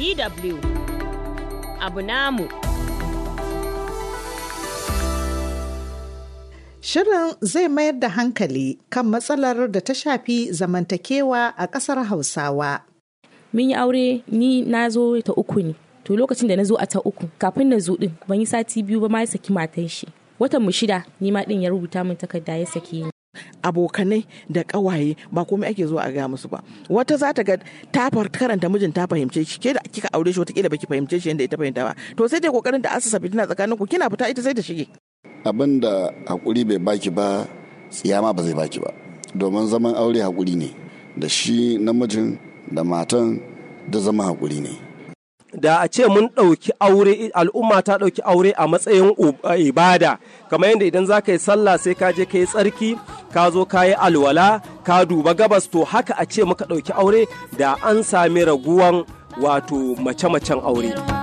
DW abu namu. Shirin zai mayar da hankali kan matsalar da ta shafi zamantakewa a ƙasar Hausawa. Mun yi aure ni na zo ta uku ne, to lokacin da na zo a ta uku kafin na zo ɗin ban yi sati biyu ba ma ya saki matan shi. Watan mu shida ni ma ɗin ya rubuta min takarda ya saki ni. abokanai da kawaye ba komai ake zuwa a ga musu ba wata za ta ga ta karanta mijin ta fahimce shi ke da kika aure shi wataƙila baki fahimce shi yadda ita fahimta ba to sai dai kokarin da asasa fitina tsakanin ku kina fita ita sai ta shige abin da hakuri bai baki ba tsiyama ba zai baki ba domin zaman aure hakuri ne da shi namijin da matan da zama hakuri ne da a ce mun ɗauki aure al'umma ta ɗauki aure a matsayin ibada kamar yadda idan za ka yi sallah sai ka je ka yi tsarki ka zo ka yi alwala ka duba gabas to haka a ce muka ɗauki aure da an sami raguwan wato mace-macen aure.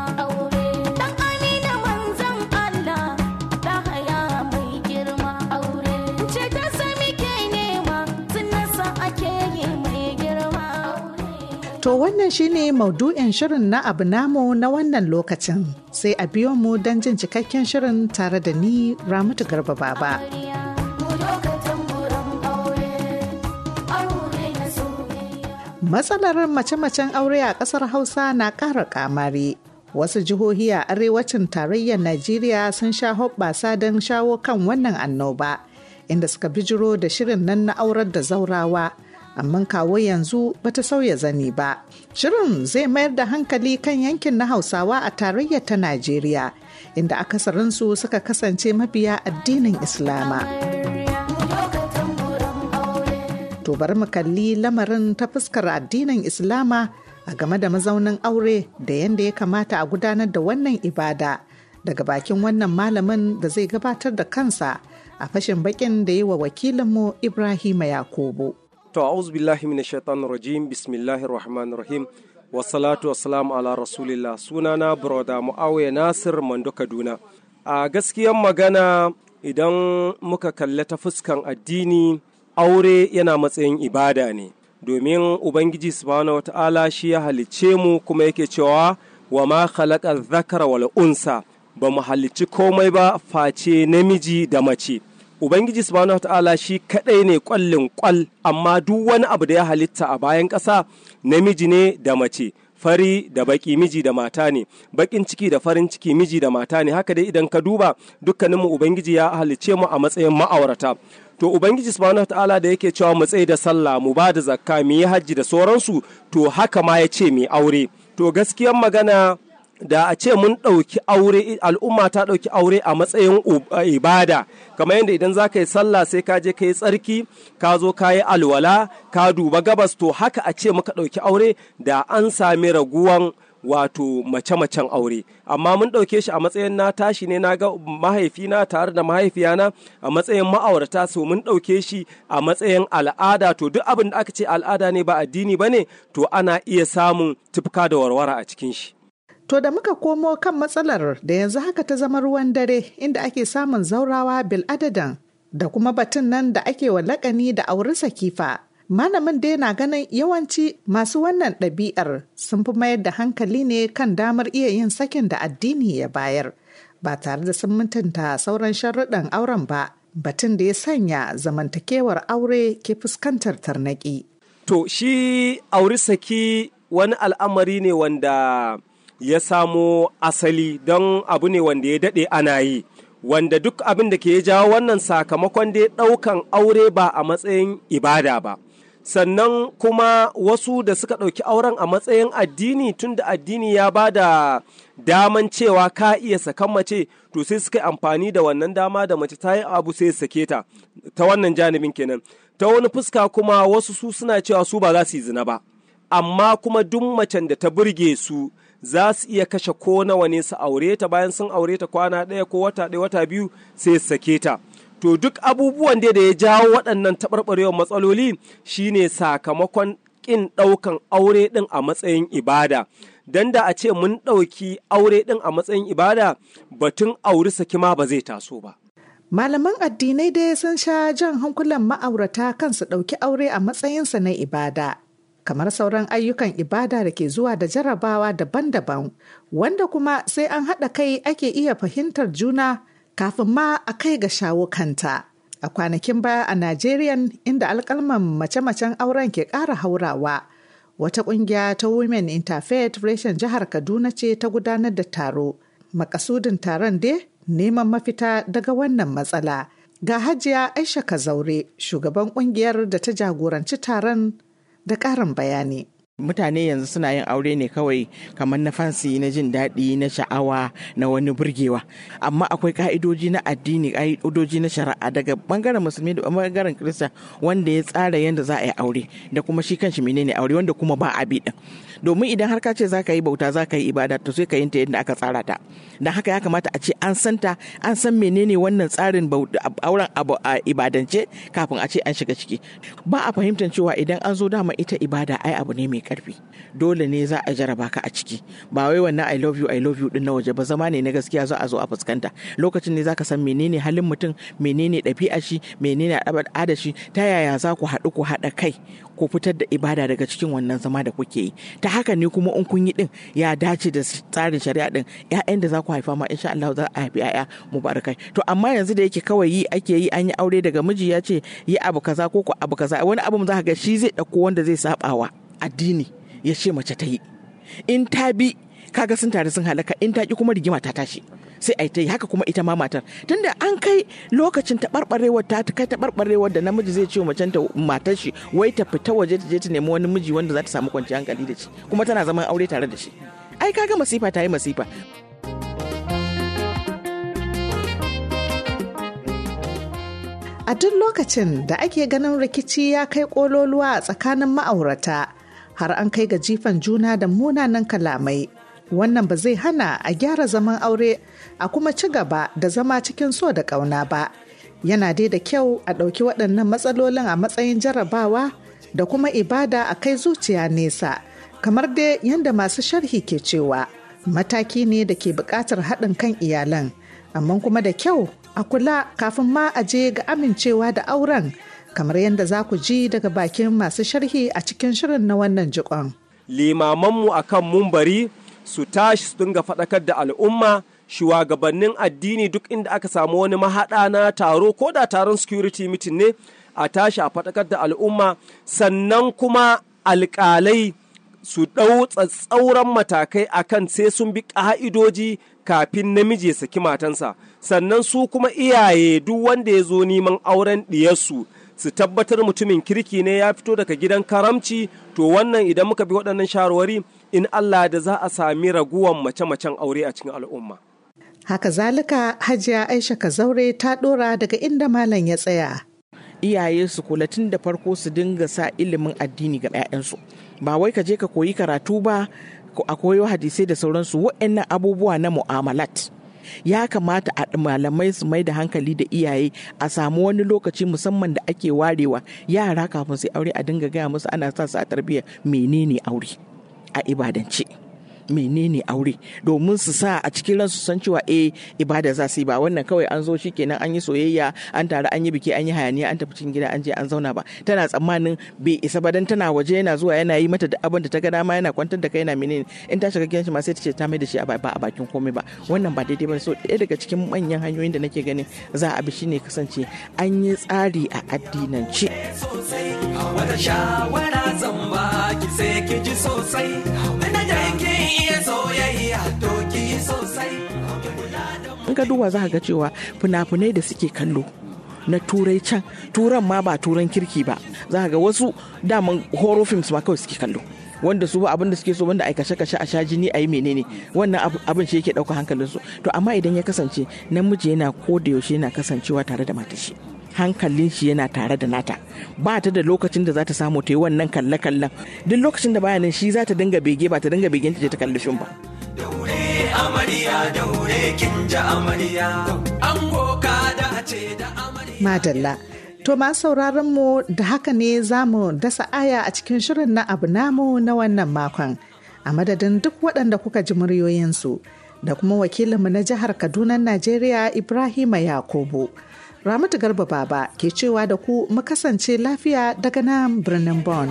To wannan shine maudu'in shirin na abu namu na wannan lokacin sai a biyo mu don jin cikakken shirin tare da ni Ramatu Garba Baba. Matsalar mace-macen aure a ƙasar Hausa na ƙara ƙamari. Wasu jihohi a arewacin tarayyar Najeriya sun sha hoɓɓasa don shawo kan wannan annoba, inda suka bijiro da shirin nan na aurar da zaurawa. amma kawo yanzu bata sauya zani ba. Shirin zai mayar da hankali kan yankin na Hausawa a tarayyar ta Najeriya, inda akasarinsu suka kasance mabiya addinin Islama. To bari mu kalli lamarin ta fuskar addinin Islama a game da mazaunin aure da yadda ya kamata a gudanar da wannan ibada daga bakin wannan malamin da zai gabatar da kansa a fashin bakin da yi wa wakilinmu Ibrahima Yakubu. to a'udhu billahi minash shaitanir rajim bismillahir rahmanir rahim wassalatu wassalamu ala rasulillah sunana broda muawiya nasir mando kaduna a gaskiyan magana idan muka kalla ta fuskan addini aure yana matsayin ibada ne domin ubangiji subhanahu wata'ala shi ya halicce mu kuma yake cewa wa ma khalaqa dhakara wal unsa ba mu halicci komai ba face namiji da mace Ubangiji subhanahu ta'ala shi kaɗai ne ƙwallin ƙwal, amma duk wani abu da ya halitta a bayan ƙasa namiji ne da mace. fari da baƙi, miji da mata ne Baƙin ciki da farin ciki miji da mata ne haka dai idan ka duba dukkaninmu ubangiji ya halicce mu a matsayin ma'aurata to ubangiji subhanahu ta'ala da yake cewa mu tsaye da sallah mu ba da zakka mu yi hajji da sauransu to haka ma ya ce mu aure to gaskiyar magana da a ce mun ɗauki aure al'umma ta ɗauki aure a matsayin ibada kamar yadda idan za ka yi sallah sai ka je ka yi tsarki ka zo ka yi alwala ka duba gabas to haka a ce muka ɗauki aure da an sami raguwan wato mace-macen aure amma mun ɗauke shi a matsayin na tashi ne na ga mahaifina tare da mahaifiyana a matsayin ma'aurata so mun ɗauke shi a matsayin al'ada to duk abin da aka ce al'ada ne ba addini ba ne to ana iya samun tufka da warwara a cikin shi To da muka komo kan matsalar da yanzu haka ta zama ruwan dare inda ake samun zaurawa bil adadan da kuma batun nan da ake wa lakani da aurisa kifa. Malamin dai na ganin yawanci masu wannan ɗabi'ar sun fi mayar da hankali ne kan damar iya yin sakin da addini ya bayar ba tare da sun mutunta sauran sharuɗan auren ba batun da ya sanya zamantakewar aure ke fuskantar tarnaki. To shi auri saki wani al'amari ne wanda ya samo asali don abu ne wanda ya daɗe ana yi wanda duk abin da ke jawo wannan sakamakon dai ɗaukan aure ba a matsayin ibada ba sannan kuma wasu da suka ɗauki auren a matsayin addini tun da addini ya ba da daman cewa ka iya sakan mace to sai suka amfani da wannan dama da mace ta yi abu sai sake ta ta wannan janibin kenan ta wani fuska kuma wasu su suna cewa su ba za su yi zina ba amma kuma duk macen da ta burge su za su iya kashe ko nawa ne su aure ta bayan sun aure ta kwana ɗaya ko wata ɗaya wata biyu sai su sake ta to duk abubuwan da ya jawo waɗannan taɓarɓarewar matsaloli shine sakamakon ƙin ɗaukan aure ɗin a matsayin ibada dan da a ce mun ɗauki aure ɗin a matsayin ibada batun auri saki ma ba zai taso ba Malaman addinai dai sun sha jan hankulan ma'aurata kansu ɗauki aure a matsayinsa na ibada, kamar sauran ayyukan ibada da ke zuwa da jarabawa daban-daban wanda kuma sai an haɗa kai ake iya fahimtar juna kafin ma a kai ga shawo kanta. A kwanakin baya a Najeriya inda alkalman mace-macen auren ke ƙara haurawa. Wata ƙungiya ta Women Interfaith reshen jihar Kaduna ce ta gudanar da taro. Makasudin taron dai neman mafita daga wannan matsala. Ga Hajiya Aisha Kazaure, shugaban ƙungiyar da ta jagoranci taron da ƙarin bayani. mutane yanzu suna yin aure ne kawai kamar na fansi na jin daɗi na sha'awa na wani burgewa amma akwai ka'idoji na addini ka'idoji na shari'a daga bangaren musulmi da bangaren kirista wanda ya tsara yadda za a yi aure da kuma shi kanshi menene aure wanda kuma ba a bi din domin idan har ka ce za ka yi bauta za ka yi ibada to sai ka yi ta yadda aka tsara ta dan haka ya kamata a ce an san ta an san menene wannan tsarin auren a ibadance kafin a ce an shiga ciki ba a fahimtar cewa idan an zo dama ita ibada ai abu ne mai karfi dole ne za a jaraba ka a ciki ba wai wannan i love you i love you din na waje ba zama ne na gaskiya za a zo a fuskanta lokacin ne zaka san menene halin mutum menene ɗabi'a shi menene al'ada shi ta yaya za ku haɗu ku haɗa kai ku fitar da ibada daga cikin wannan zama da kuke yi ta haka ne kuma in kun yi din ya dace da tsarin shari'a din ƴaƴan da za ku haifa ma insha Allah za a haifi ƴaƴa mubarakai to amma yanzu da yake kawai yi ake yi an yi aure daga miji ya ce yi abu kaza ko ku abu kaza wani abun za ka ga shi zai ɗauko wanda zai sabawa addini ya ce mace ta yi in ta bi kaga sun tare sun halaka in ta ki kuma rigima ta tashi sai a ta yi haka kuma ita ma matar tunda an kai lokacin taɓarɓarewar ta ta kai taɓarɓarewar da namiji zai ce macen ta matar shi wai ta fita waje ta je ta nemi wani miji wanda za ta samu kwanci hankali da shi kuma tana zaman aure tare da shi ai kaga masifa ta yi masifa a duk lokacin da ake ganin rikici ya kai kololuwa a tsakanin ma'aurata har an kai ga jifan juna da munanan kalamai wannan ba zai hana a gyara zaman aure a kuma ci gaba da zama cikin so da ƙauna ba yana dai da kyau a ɗauki waɗannan matsalolin a matsayin jarabawa da kuma ibada a kai zuciya nesa kamar dai yadda masu sharhi ke cewa mataki ne da ke buƙatar haɗin kan iyalan amma kuma da kyau a kula kafin ma a je ga amincewa da auren kamar yadda za ku ji daga bakin masu sharhi a cikin shirin na wannan jikon. Limamanmu a kan mumbari su tashi su dinga faɗakar da al'umma shugabannin addini duk inda aka samu wani mahaɗa na taro ko da taron security meeting ne a tashi a faɗakar da al'umma sannan kuma alƙalai su ɗau tsatsauran matakai akan sai sun bi ƙa'idoji kafin namiji ya saki matansa sannan su kuma iyaye duk wanda ya zo neman auren ɗiyarsu su tabbatar mutumin kirki ne ya fito daga gidan karamci to wannan idan muka bi waɗannan shawarwari in Allah da za a sami raguwan mace-macen aure a cikin al'umma. Haka zalika Hajiya Aisha Kazaure ta ɗora daga inda malam ya tsaya. Iyaye su kula tun da farko su dinga sa ilimin addini ga 'ya'yansu. Ba wai ka je ka koyi karatu ba a koyo hadisai da sauransu wa'annan abubuwa na mu'amalat. ya kamata a malamai su mai da hankali da iyaye a samu wani lokaci musamman da ake warewa yara kafin su aure a dinga gaya musu ana sa su a tarbiyya menene aure a ibadance. menene aure domin su sa a cikin ransu san cewa eh ibada za su yi ba wannan kawai an zo shikenan an yi soyayya an taru an yi biki an yi hayaniya an tafi cikin gida an je an zauna ba tana tsammanin bai isa ba dan tana waje yana zuwa yana yi mata da abin da ta ga dama yana kwantar da kai yana menene in ta shiga gidan shi ma sai ta ce ta mai da shi ba a bakin komai ba wannan ba daidai ba so ɗaya daga cikin manyan hanyoyin da nake ganin za a bi shine kasance an yi tsari a addinance sosai wata shawara zan ki sai ki ji sosai iya in ga duba za ga cewa fina-finai da suke kallo na turai can turan ma ba turan kirki ba za ga wasu daman horror films ma kawai suke kallo wanda su abin da suke so wanda ai kashe kashe a sha jini a yi menene wannan abin shi yake ɗauka su to amma idan ya kasance namiji yana ko da yaushe yana kasancewa tare da matashi hankalin shi yana tare da nata ba ta da lokacin da za ta samu ta yi wannan kalle kallen duk lokacin da bayanin shi za ta dinga bege ba ta dinga begen ta ta kalli fim ba daure amarya daure amarya da ce da amarya madalla To ma sauraron mu da haka ne za mu dasa aya a cikin shirin na abu namu na wannan makon. A madadin duk waɗanda kuka ji muryoyinsu da kuma wakilinmu na jihar Kaduna Najeriya Ibrahima Yakubu Ramatu Garba Baba ke cewa da ku mu kasance lafiya daga nan birnin Bon.